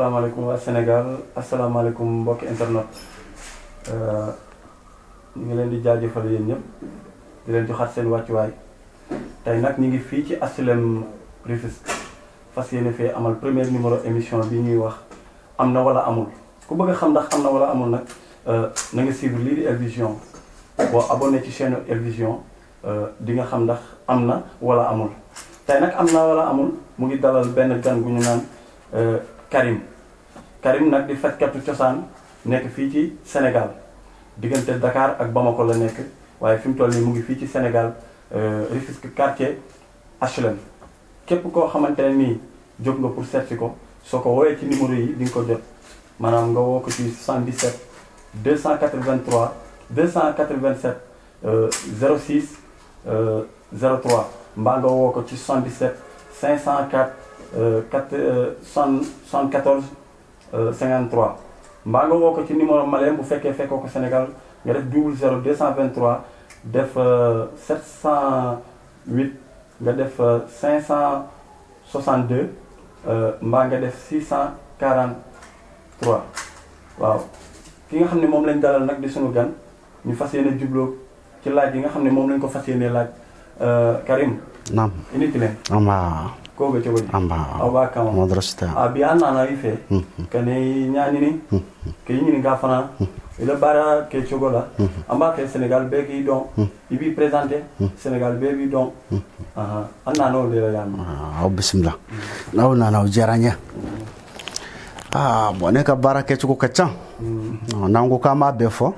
asalaamaaleykum waa Sénégal asalaamaaleykum mbokki internet euh, ñu ngi leen di jaajëfal yéen ñëpp di leen joxaat seen wàccuwaay tey nag ñu ngi fii ci HLM Rufisque fas yéene fee amal premier numéro émission bi ñuy wax am na wala amul ku bëgg xam ndax am na wala amul nag euh, na nga suivre lii di El Vision boo abonné ci seenu El Vision euh, di nga xam ndax am na walla amul tey nag am na wala amul mu ngi dalal benn gan gu ñu naan Karim Karim nag di fajkatu cosaan nekk fii ci Sénégal diggante Dakar ak Bamako la nekk waaye fi mu toll nii mu ngi fii ci Sénégal euh, Rufisque quartier HLM képp koo xamante ne nii jóg nga pour seet ko soo ko woowee ci numéro yi di nga ko jot maanaam nga woo ko ci 77 283 287 06 03 mbaa nga woo ko ci 77 504 4 74. 53 euh, mbaa nga woo ko ci numéro malien bu fekkee fekkoo ko Sénégal nga def double 0 223 def 708 euh, nga def 562 euh, mbaa nga def 643 waaw ki nga xam ne moom lañ dalal nag di suñu gan ñu fas yéene jubloo ci laaj yi nga xam ne moom lañ ko fas yéene laaj Karim. naam inutile. waaw. ko bɛ cogo aw b'a kama a mm-hmm. mm-hmm. mm-hmm. bi an nana i fɛ ka ni ɲaɲini k'i ɲininka fana i la baara kɛcogo la an b'a fɛ senegal bɛɛ k'i dɔn i b'i présenté senegal bɛɛ b'i dɔn an nana o de la yan aw bisimila n'aw nana o diyara n ye aa bɔn ne ka ah, baara kɛcogo ka ca n'an ko k'an b'a bɛɛ fɔ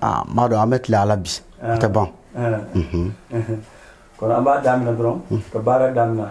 aa m'a dɔn an bɛ tila a bi tɛ ban kɔnɔ an b'a daminɛ dɔrɔn ka baara daminɛ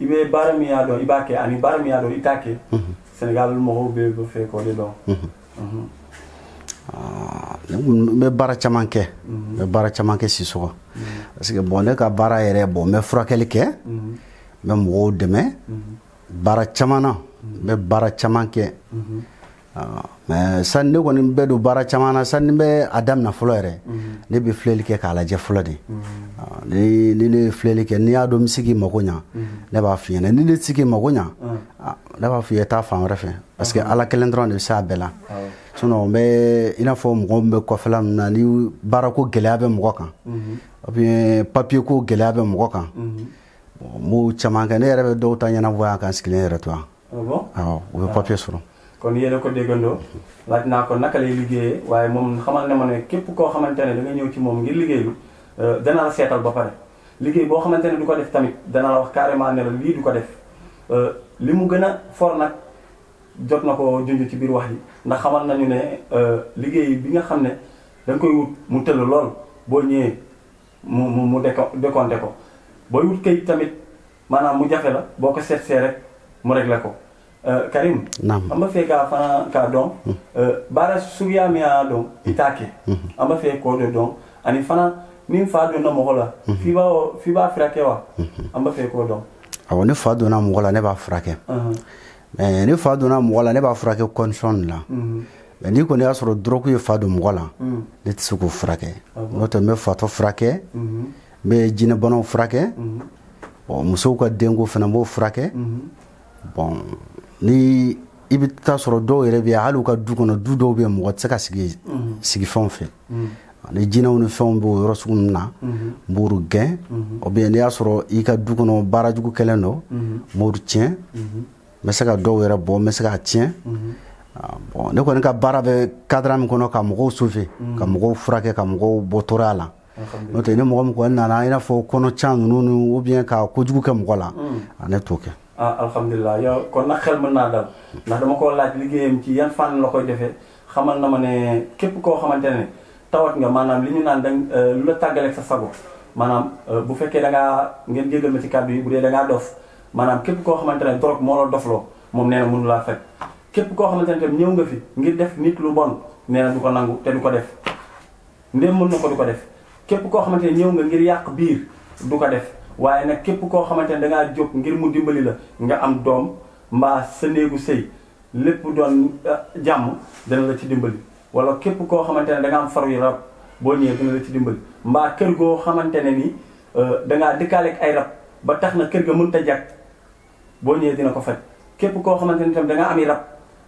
i bɛ baara min y'a dɔn i b'a kɛ ani baara min y'a dɔn i t'a kɛ senegal mɔgɔw bɛ fɛ k'o de dɔn n bɛ baara caman kɛ n bɛ baara caman kɛ sisɔgɔ parce que bɔn ne ka baara yɛrɛ bɔn n bɛ furakɛli kɛ n bɛ mɔgɔw dɛmɛ baara caman na n bɛ baara caman kɛ mɛ sani ne kɔni bɛ don baara caman na sani n bɛ a daminɛ fɔlɔ yɛrɛ ne bɛ filɛli kɛ k'a lajɛ fɔlɔ de ni ah, ni ne filɛli kɛ n'i y'a dɔn mhm. n ah. ah, se k'i mago ɲa ne b'a f'i ɲɛna ni ne tɛ se k'i mago ɲa ne b'a f'i ye taa fan wɛrɛ fɛ parce que ala kelen dɔrɔn de bɛ se a bɛɛ la sinɔn n bɛ i n'a fɔ mɔgɔ min bɛ kɔfɛla min na ni baarako gɛlɛya bɛ mɔgɔ kan ubiyɛn papiye ko gɛlɛya bɛ mɔgɔ kan n b'o caman kɛ ne yɛrɛ bɛ dɔw ta ɲɛnabɔ yan ka n sigilen yɛrɛ to yan awɔ u bɛ papiye sɔrɔ kon yéen ko déggandoo laaj naa ko naka lay liggéeyee waaye moom xamal ne ma ne képp koo xamante ne da nga ñëw ci moom ngir liggéeylu Euh, dana la seetal ba pare liggéey boo xamante ne du ko def tamit dana la wax carrément ne lii du ko def euh, li mu gën a for nag jot na ko junj ci biir wax yi ndax xamal nañu ne euh, liggéey bi nga xam ne da koy wut mu tëll lool boo ñëwee mu mu mu décompté ko booy wut kayit tamit maanaam mu jafe la boo ko seetsee rek mu réglé ko karim amba fee ka fana ka don bara sugiyami a don i t'a kɛ hmm. b'a fɛ k'o de don ani fana ni fa donna mɔgɔ la mhm. f'i b'a f'i b'a furakɛ wa mhm. an b'a fɛ i k'o dɔn awɔ ne fa donna mɔgɔ la ne b'a furakɛ mɛ ne fa donna mɔgɔ la ne b'a furakɛ condition de la mɛ mhm. n'i kɔni y'a sɔrɔ dɔrɔku ye fa don mɔgɔ la ne tɛ se k'o furakɛ n'o tɛ n bɛ fatɔ furakɛ n bɛ jinɛbanaw furakɛ bɔn musow ka denko fana n b'o furakɛ bɔn ni i bɛ taa sɔrɔ dɔw yɛrɛ bɛ yan hali u ka du kɔnɔ du dɔw bɛ yen mɔgɔ tɛ se ka sigi sigifɛnw fɛ ni jinɛw ni fɛnw b'o yɔrɔ sugu min na n mhm. b'olu gɛn mhm. o bien n'i y'a sɔrɔ i ka du kɔnɔ baara jugu kɛlen don n mhm. b'olu tiɲɛ n bɛ se ka dɔw yɛrɛ bɔ n bɛ se k'a tiɲɛ ah, bon ne kɔni ka baara bɛ kadira min kɔnɔ ka mɔgɔw sauver ka mɔgɔw furakɛ ka mɔgɔw bɔ tɔɔrɔya la n'o tɛ ni mɔgɔ min kɔni nana i n'a fɔ kɔnɔcan ninnu ni ou bien ka kojugu kɛ mɔgɔ la ne t'o kɛ. Ah, alhamdulilah yow kon na xel mën naa dal ndax dama koo laaj liggéeyam ci yan fànn la koy defee xamal na ma ne képp koo xamante ne. tawat nga maanaam li ñu naan dañ euh, lu la tàggaleeg sa sago maanaam euh, bu fekkee da ngaa ngeen jégal ma ci kàddu yi bu dee da ngaa dof maanaam képp koo xamante ne drogue moo la dofloo moom nee na mënu laa fekk képp koo xamante ne tam ñëw nga fi ngir def nit lu bon nee na du ko nangu te du ko def ndéem mën na ko du ko def képp koo xamante ne ñëw nga ngir yàq biir du ko def waaye nag képp koo xamante ne da ngaa jóg ngir mu dimbali la nga am doom mbaa sa néegu sëy lépp doon euh, jàmm dana la ci dimbali wala képp koo xamantene da nga am faru yu rab boo ñëwee dina la ci dimbal mbaa kër goo xamantene ni euh, da nga dëkkaaleeg ay rab ba tax na kër ga mën ta jàkk boo ñëwee dina ko faj képp koo xamantene tam da nga am rab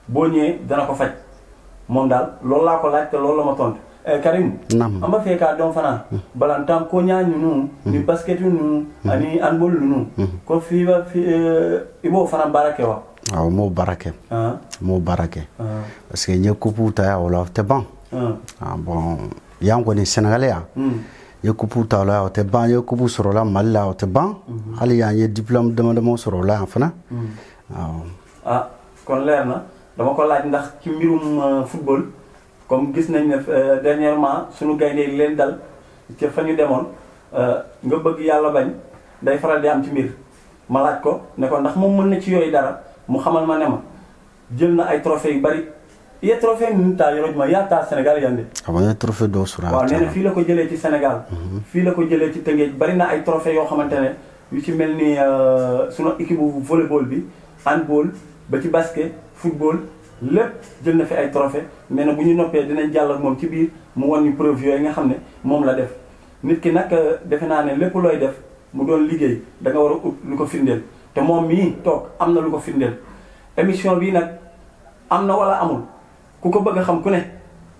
boo ñëwee dana ko faj moom daal loolu laa ko laaj te loolu la ma tontu. Eh, karim amba ka don fana tan ko nya nyunu ni basket nu hmm. ani anbol nu hmm. ko fi ba euh, ibo fana barake wa awɔ n m'o baara kɛ m'o baara kɛ parce que n ye kupuw ta yan o la o tɛ ban bɔn yan kɔni sɛnɛgali yan n ye kupuw ta o la yan o tɛ ban n ye kupu sɔrɔ la mali la o ah, tɛ ban hali hmm. yan n ye diplɔmu dama dama sɔrɔ o la yan fana awɔ. kon leer na dama ko laaj ndax ci mbirum euh, football comme gis nañ ne euh, dernièrement suñu gaynde yi leen dal ca fa ñu demoon euh, nga bëgg yàlla bañ day faral di am ci mbir ma laaj ko ne ko ndax moom mën na ci yooyu dara mu xamal ma ne ma jël na ay trophée yu bari ye trophée nunu ta yorojuma yaa ta Sénégal yande ah, waaw nee na fii la ko jëlee ci senegal mhm. fii la ko jëlee ci Tëngéej bari na ay trophée yoo xamante ne yu ci mel ni euh, sunu équipe bu volleyball bi handball ba ci basket football lépp jël na fi ay trophée mais nag bu ñu noppee dinañ jàll ak moom ci biir mu wan ñu preuve yooyu nga xam ne moom la def nit ki nag euh, defe naa ne lépp looy def mu doon liggéey da war lu ko firndeel te moom mii toog am na lu ko firndeel émission bii nag am wala amul Kuko ko xam kune,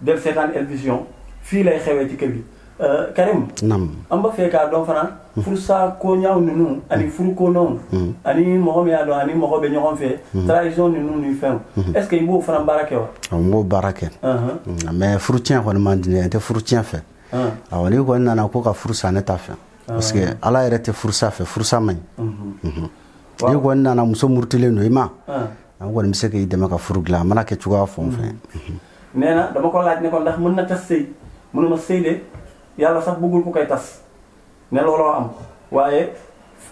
del setan El Vision fii lay xewé ci kër Euh, karim nam amba feka do fana fur sa ko nyaaw nunu ani fur ko non mm. ani mogo ya do, ani mogo be ɲɔgɔn fe, trahison ni nunu ni fɛn est ce que i b'o fana baara kɛ wa n b'o baara kɛ mais furu tiɲɛ kɔni man dine tɛ furu tiɲɛ fɛ uh-huh. awɔ ah, ni kɔni nana ko ka fur sa ne ta fɛ parce que uh-huh. ala yɛrɛ tɛ furusa fɛ furusa man ɲi uh-huh. mhm. n'i kɔni nana muso murutilen don i ma an ah. kɔni bɛ se k'i dɛmɛ ka furu dilan a mana o fɛn. nee na dama ko laaj ne ko ndax mën na tas sëy mu ne ma sëy sax bëggul ku koy tas ne looloo am waaye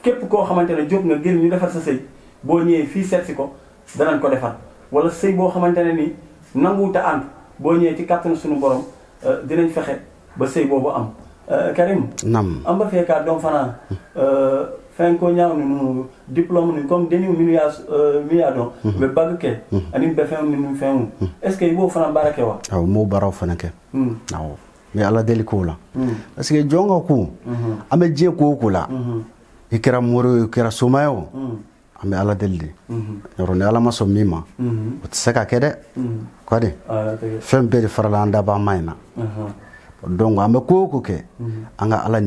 képp koo xamante ne jóg nga ngir ñu defar sa sëy boo ñëwee fii seet si ko danañ ko defar wala sëy boo xamante ne nii nanguwut a boo ñëwee ci kàttan suñu borom euh, dinañ fexe ba sëy boobu am. Euh, Karim. naam am ba fekkaat doom fanaan. Hmm. Euh, fɛn ñawni nu diplôme ni comme deni minnu y'a euh, min y'a dɔn u mhm. bɛ kɛ mhm. ani minnu fɛnw mhm. est ce que i b'o fana baara kɛ wa awɔ n b'o baaraw fana kɛ awɔ n bɛ ala deli k'o la parce que jɔn ka ko an bɛ diɲɛ ko o ko la i kɛra mori ye i kɛra soma ye o an bɛ ala deli de yɔrɔ ni ala ma sɔn min ma o tɛ se ka kɛ dɛ fɛn bɛɛ de farala an ma in na donc an bɛ ko o ko kɛ an ka ala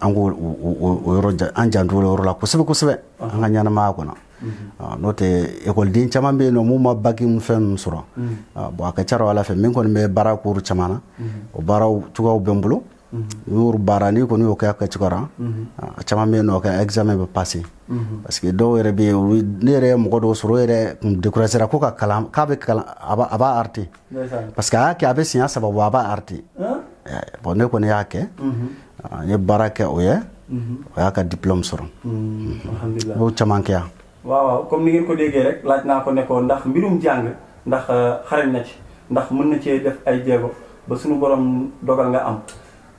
an k'o yɔrɔ an janto o yɔrɔ la kosɛbɛ kosɛbɛ an ka ɲɛnamaya kɔnɔ n'o tɛ ekɔliden caman bɛ nɔ mun ma baki fɛn ninnu sɔrɔ mhm. ah, bɔn a ka ca ala fɛ min kɔni bɛ baara kuru caman na o baaraw cogoyaw bɛ n bolo n'o baara n'i kɔni y'o kɛ a caman bɛ nɔ ka ɛgizamɛn bɛ pase parce dɔw yɛrɛ bɛ ne yɛrɛ mɔgɔ dɔw sɔrɔ yɛrɛ kun dekurasera ko ka kalan k'a bɛ kalan a b'a arite parce a y'a kɛ a bɛ siɲɛ saba a b'a arite bɔn ne kɔni y'a kɛ n ye baara kɛ o ye o y'a ka diplôme sɔrɔ mhm, alhamdulilah waaw waaw comme ni ngeen ko déggee rek laaj naa ko ne ko ndax mbirum jàng ndax euh, xarañ na ci ndax mën na cee def ay jéego ba suñu borom dogal nga am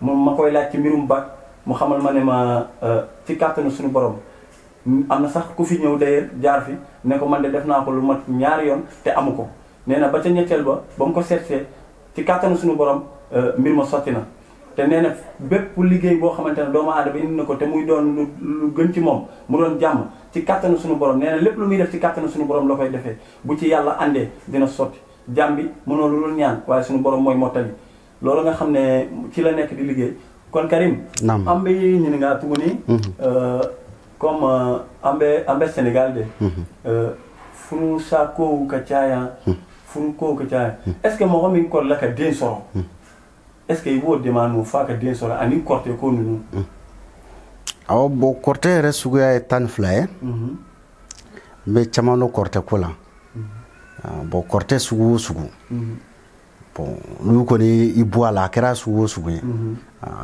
moom ma koy laaj ci mbirum bac mu xamal ma ne ma euh, ci kàttanu suñu borom am na sax ku fi ñëw dayee jaar fi ne ko man de def naa ko lu mat ñaari yoon te amu ko nee na ba ca ñetteel ba ba mu ko seetee ci kàttanu suñu borom euh, mbir ma sotti na té néna bép bépp liggéey bo xamanténi ne doomu indi ko te muy doon lu gën ci mom mu doon jamm ci kàttanu suñu borom néna lépp lu muy def ci kàttanu suñu borom la koy defee bu ci yàlla andé dina soti jàmm bi mënoo lu dul ñaan waaye suñu borom mooy mottali loolu nga xam ci la nekk di liggéey kon Karim ambe tuguni mhm. euh, comme euh, ambe ambe Sénégal de mhm. euh, furu sa kowu ka caya mhm. furu kowu ka caya est ce que ko la ka den Eske yi wou deman mou faka dene sora, an yi korte kon yi nou? Ou hmm. bo korte resugwe tan flaye, eh? mhm. me chaman nou korte kon la. Mhm. Ah, bo korte sou ou sou. Mhm. Nou kon yi yi bwa la, kera sou ah, ou sou.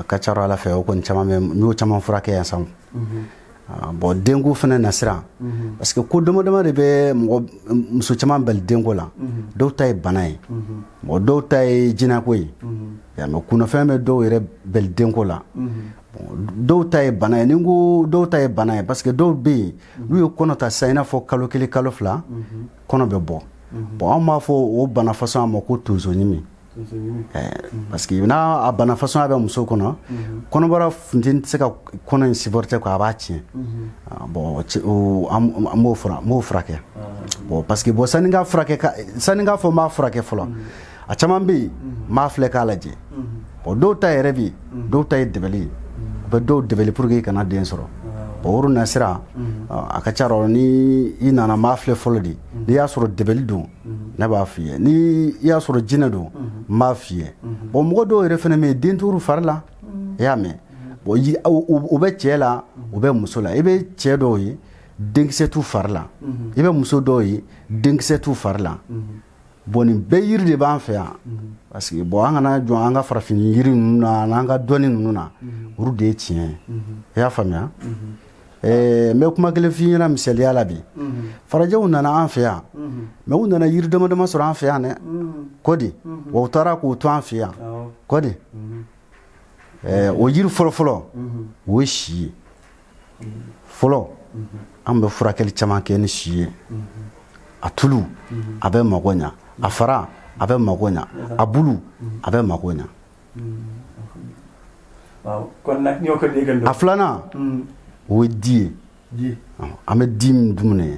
Akachar wala fe, nou kon chaman mwen, nou chaman fwrake yi ansan. Mwen. Ah, bɔn denko fana nasira mhm. parce que ko dama dama de bɛ mɔgɔ muso caman bali denko la mhm. dɔw ta ye bana ye mɔgɔ mhm. dɔw ta ye jinako ye mɛ kunnafɛn bɛ dɔw yɛrɛ bali denko la dɔw ta ye bana ye ni n ko dɔw ta ye bana ye parce que dɔw bɛ yen n'u ye kɔnɔ ta sisan i n'a fɔ kalo kelen kalo fila kɔnɔ bɛ bɔ bɔn anw b'a fɔ o bana fasɔn a ma ko tonsoɲimi Eh, parce que n'a bana façon a muso kɔnɔ mhm. kɔnɔbara funteni tɛ se ka kɔnɔ in supporter quoi a b'a tiɲɛ mhm. ah, bɔn an b'o fura n b'o furakɛ ah, parce que bɔn sani ka furakɛ sani ka fɔ n b'a furakɛ mhm. a caman bɛ yen n k'a lajɛ bɔn dɔw ta yɛrɛ bɛ yen ta ye dɛbɛli ye u de dɔw pour que kana den sɔrɔ ah. bɔn woro na sira a ka ca ni i nana n b'a filɛ fɔlɔ de n'i y'a sɔrɔ dɛbɛli ne b'a fiyɛ ni i y'a sɔrɔ jinɛ don n b'a fiyɛ bɔn mɔgɔ dɔw yɛrɛ fɛnɛ bɛ den turu fari la i y'a mɛn bɔn o bɛ cɛɛ la o bɛ muso la i bɛ cɛɛ dɔw ye denkisɛ t'u fari la i bɛ muso dɔw ye denkisɛ t'u fari la bɔn nin bɛɛ yiri de b'an fɛ yan parce que bɔn an kana jɔ an ka farafin yiri ninnu na an'an ka dɔnni ninnu na olu de ye tiɲɛ ye i y'a faamuya n bɛ kuma kelen f'i ɲɛna misaliya la bi farajɛw nana an fɛ yan mɛ mm-hmm. u nana yiri dama dama sɔrɔ an fɛ yan dɛ kodi mm-hmm. wa u taara k'u to an fɛ yan kodi o yiri fɔlɔfɔlɔ o ye si ye fɔlɔ an bɛ furakɛli caman kɛ ni si ye a tulu mm-hmm. a bɛ mago ɲa a fara a bɛ mago ɲa a bulu a bɛ mago ɲa a filanan o mm. ye di ye an bɛ di min dumuni ye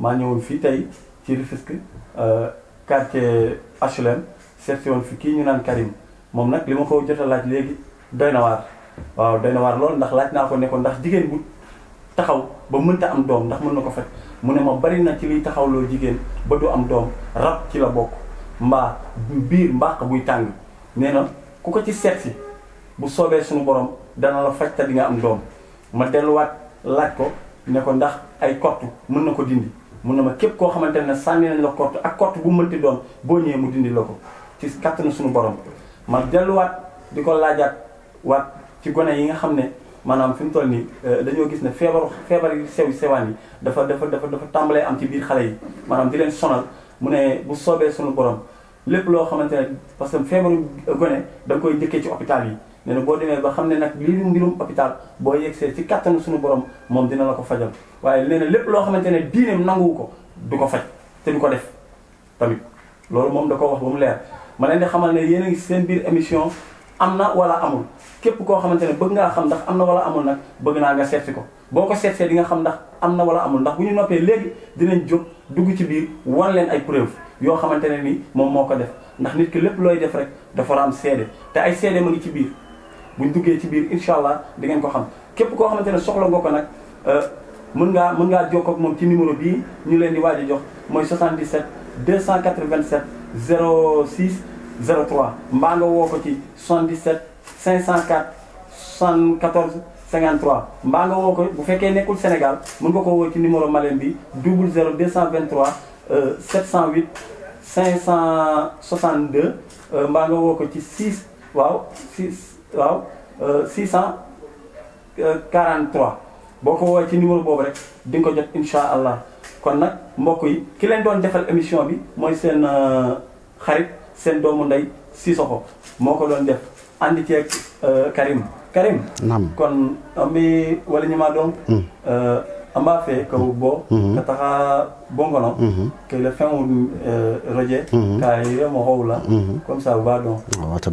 maa ñëwoon fii tey ci Rufisque euh, quartier HLM seet fi kii ñu naan Karim moom nag li ma ko jot a laaj léegi doy na waar waaw doy na waar lool ndax laaj naa ko ne ko ndax jigéen bu taxaw ba mënta am doom ndax mën na ko faj mu ne ma bari na ci liy taxaw loo jigéen ba du am doom rab ci la bokk mbaa biir mbaq buy tàng nee na ku ko ci seet bu soobee suñu borom dana la faj te di nga am doom ma delluwaat laaj ko ne ko ndax ay kottu mën na ko dindi mun na ma képp koo xamante ne sànni nañ la kort ak kort bu mënti doon boo ñëwee mu dindi la ko ci kàttanu suñu borom ma delluwaat di ko laajaat waat ci gone yi nga xam ne maanaam fi mu toll nii euh, dañoo gis ne feebaru feebar yi sew sewaan yi dafa dafa dafa dafa tàmbalee am ci biir xale yi maanaam di leen sonal mu ne bu soobee suñu borom lépp loo xamante ne parce que feebaru gone da koy njëkkee ci hôpital yi nee boo demee ba xam ne nag lii mbirum hôpital boo yegsee ci kattanu suñu borom moom dina la ko fajal waaye nee lépp loo xamante ne diineem nanguwu ko du ko faj te du ko def tamit loolu moom da ko wax ba mu leer ma leen di xamal ne yéen a seen biir émission am na wala amul képp koo xamante ne bëgg ngaa xam ndax am na wala amul nag bëgg naa nga seetsi ko boo ko seetsee di nga xam ndax am na wala amul ndax bu ñu noppee léegi dinañ jóg dugg ci biir wan leen ay preuve yoo xamante ne nii moom moo ko def ndax nit ki lépp looy def rek dafa war a te ay seede ma ngi ci biir buñ duggee ci biir incha allah di ngeen ko xam képp koo xamante ne soxla nga ko nag euh, mun ngaa mun ngaa jokkoo ak moom ci numéro bii ñu leen di waaj a jox mooy 77 287 06 03 mbaa nga woo ko ci 77 504 74 53 mbaa nga woo ko bu fekkee nekkul Sénégal mun nga ko woo ci numéro Malem bi 00 223 708 562 mbaa nga woo ko ci 6 waaw waaw 643 euh, euh, boo ko woowee ci numéro boobu rek di nga ko jot incha allah kon nag mbokk yi ki leen doon defal émission bi mooy seen euh, xarit seen doomu ndey Sissoko moo ko doon def ànd ceeg Karim Karim. naam kon mi wala ñu maa doon. Hmm. ambafe ka wubbo mhm. ka taxa bongono que mhm. le fin roje ka yire mo howla comme ça wata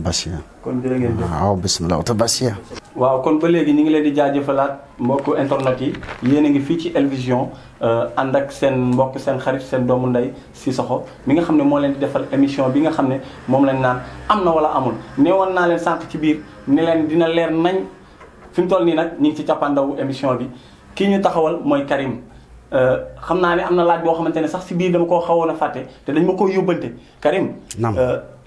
basiya waaw kon ba léegi ñu ngi leen di jëfalaat mbokk internet yi yéen a ngi fii ci Elvision eh, ànd ak seen mbokk seen xarit seen doomu ndey si Cissokho mi nga xam ne moo leen di defal émission bi nga xam ne moom lañ naan am na wala amul neewoon naa leen sànq ci biir ne leen dina leer nañ fi mu toll nii nag ñu ngi ci cappaandawu émission bi kii ñu taxawal mooy Karim euh, xam naa ne am na laaj boo xamante ne sax si biir dama koo xawoon a fàtte te dañ ma koo yóbbante Karim. naam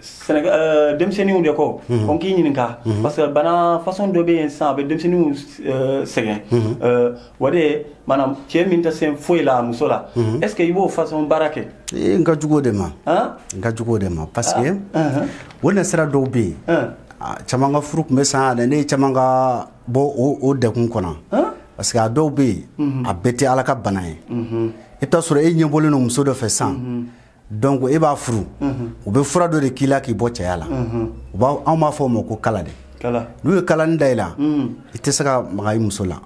Sénégal denmisɛnninw de ko ñu ni nga mhm. parce que bana façon dɔ bɛ yen sisan a bɛ denmisɛnninw sénégal wa de euh, mhm. euh, maanaam cee min ta seen foyi la muso la mhm. est ce que i façon barake eh, nga jugoo de ma n ka de ma parce que ah, uh-huh. wala na sera dɔw bɛ yen ah, caman ka furu tun bɛ san ne ye caman ka bɔ o dekun kɔnɔ parce que a dɔw bɛ yen mhm. a bɛɛ tɛ ala ka bana ye i bɛ taa sɔrɔ e ɲɛbɔlen don muso dɔ fɛ sisan mhm. donc e b'a furu mhm. u bɛ fura dɔ de k'i la k'i bɔ cɛya la u b'a anw b'a fɔ o ma ko kala de n'u ye kalani da i la i tɛ se ka maga i muso la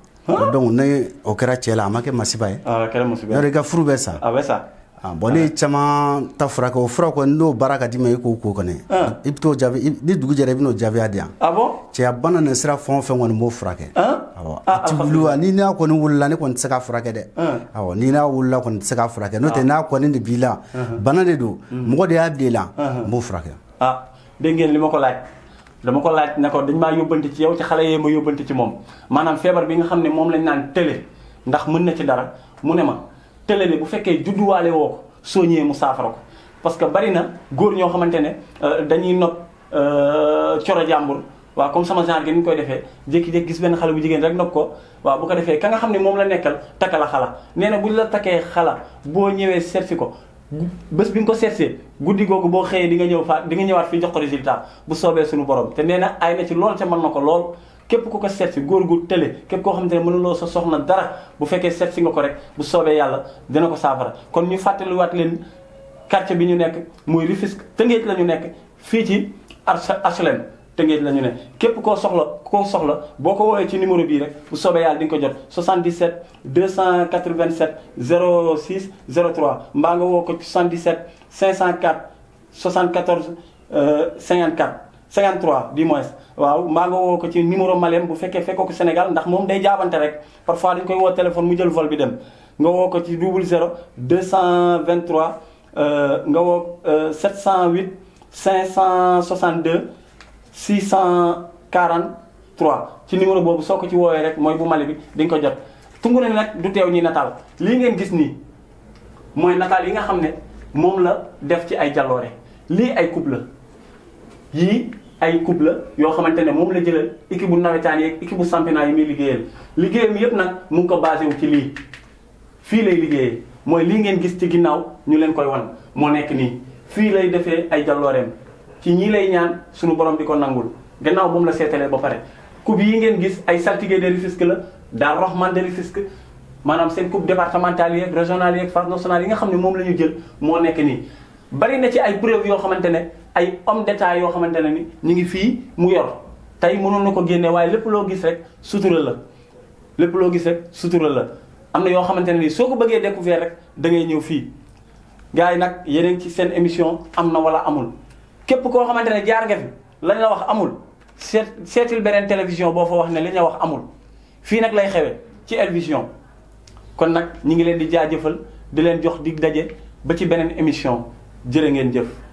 donc ni o kɛra cɛ la a ma kɛ masiba ye yɔrɔ i ka furu bɛ sa bɔn ne ye caman ta furakɛ o fura kɔni n'o baara ka di ma i k'o ko kɔni ah. i bɛ t'o jaabi ni dugu jɛra i bɛn'o jaabiya di yan ah cɛya bana nin sira fɛn o fɛn kɔni b'o furakɛ ah. awɔ a ti wuli wa ni n'a kɔni wulila ne kɔni tɛ se ka furakɛ dɛ awɔ ni n'a wulila kɔni tɛ se ka furakɛ n'o tɛ n'a kɔni de b'i la bana de don mɔgɔ de y'a bila i e la n b'o furakɛ. dégg ngeen li ma ko laaj dama ko laaj ne ko dañ maa yóbbante ci yow ci xale yee ma yóbbante ci moom maanaam feebar bi nga xam ne moom lañ naan télé ndax mën na ci dara mu ne ma télé bi bu fekkee judduwaale woo ko soo ñëwee mu saafara ko parce que bari na góor ñoo xamante ne euh, dañuy nopp euh, coro jàmbur waaw comme sama genre gi ni ñu koy defee jékki-jékki gis benn xale bu jigéen rek nopp ko waaw bu ko defee ka nga xam ne moom la nekkal takka la xala nee na bu ñu la takkee xala boo ñëwee si ko bés bi nga ko see guddi googu boo xëyee di nga ñëw fa di nga ñëwaat fii jox ko résultat bu soobee suñu borom te nee na ay na ci lool te mën na ko lool képp ku ko seet si góor gu télé képp koo xam ne mënuloo sa soxna dara bu fekkee seet si nga ko rek bu soobee yàlla dina ko saafara kon ñu fàttaliwaat leen quartier bi ñu nekk muy Rufisque Tëngéej la ñu nekk fii ci HLM Tëngéej la ñu ne képp koo soxla koo soxla boo ko woowee ci numéro bii rek bu soobee yàlla di nga ko jot 77 287 06 03 mbaa nga woo ko 77 504 74 54 53 du moins waaw maa nga woo ko ci numéro malem bu fekkee fekkoo ko Sénégal ndax moom day jaabante rek parfois dañ koy woo téléphone mu jël vol bi dem nga woo ko ci double 0 223 euh, nga woo 708 562 643 ci numéro boobu soo ko ci woowee rek mooy bu Mali bi di nga ko jot Tungune nag du teew ñi natal lii ngeen gis nii mooy natal yi nga xam ne moom la def ci ay jaloore lii ay couple yii ay coupe la yoo xamante ne moom la jëlal équipe bu nawetaan yeeg équipe bu championnat yi muy liggéeyal liggéeyam yépp nag mu ngi ko basé wu ci lii fii lay liggéeyee mooy lii ngeen gis ci ginnaaw ñu leen koy wan moo nekk nii fii lay defee ay jallooreem ci ñii lay ñaan suñu borom di ko nangul gannaaw moom la seetalee ba pare coupe yi ngeen gis ay saltige de Rufisque la daal Rahman de Rufisque maanaam seen coupe départementale yeeg régionale yeeg phase nationale yi nga xam ne moom la jël moo nekk nii bari na ci ay preuve yoo xamante ne ay homme d'état yoo xamante ne ni ñu ngi fii mu yor tey mënoon na ko génne waaye lépp loo gis rek sutura la lépp loo gis rek sutura la am na yoo xamante ne ni soo ko bëggee découvrir rek da ngay ñëw fii gars yi nag yeneen ci seen émission am na wala amul képp koo xamante ne jaar nga fi lañ la wax amul seet seetil beneen télévision boo fa wax ne li ñu wax amul fii nag lay xewee ci El kon nag ñi ngi leen di jaajëfal di leen jox di daje ba ci beneen émission jërë ngeen jëf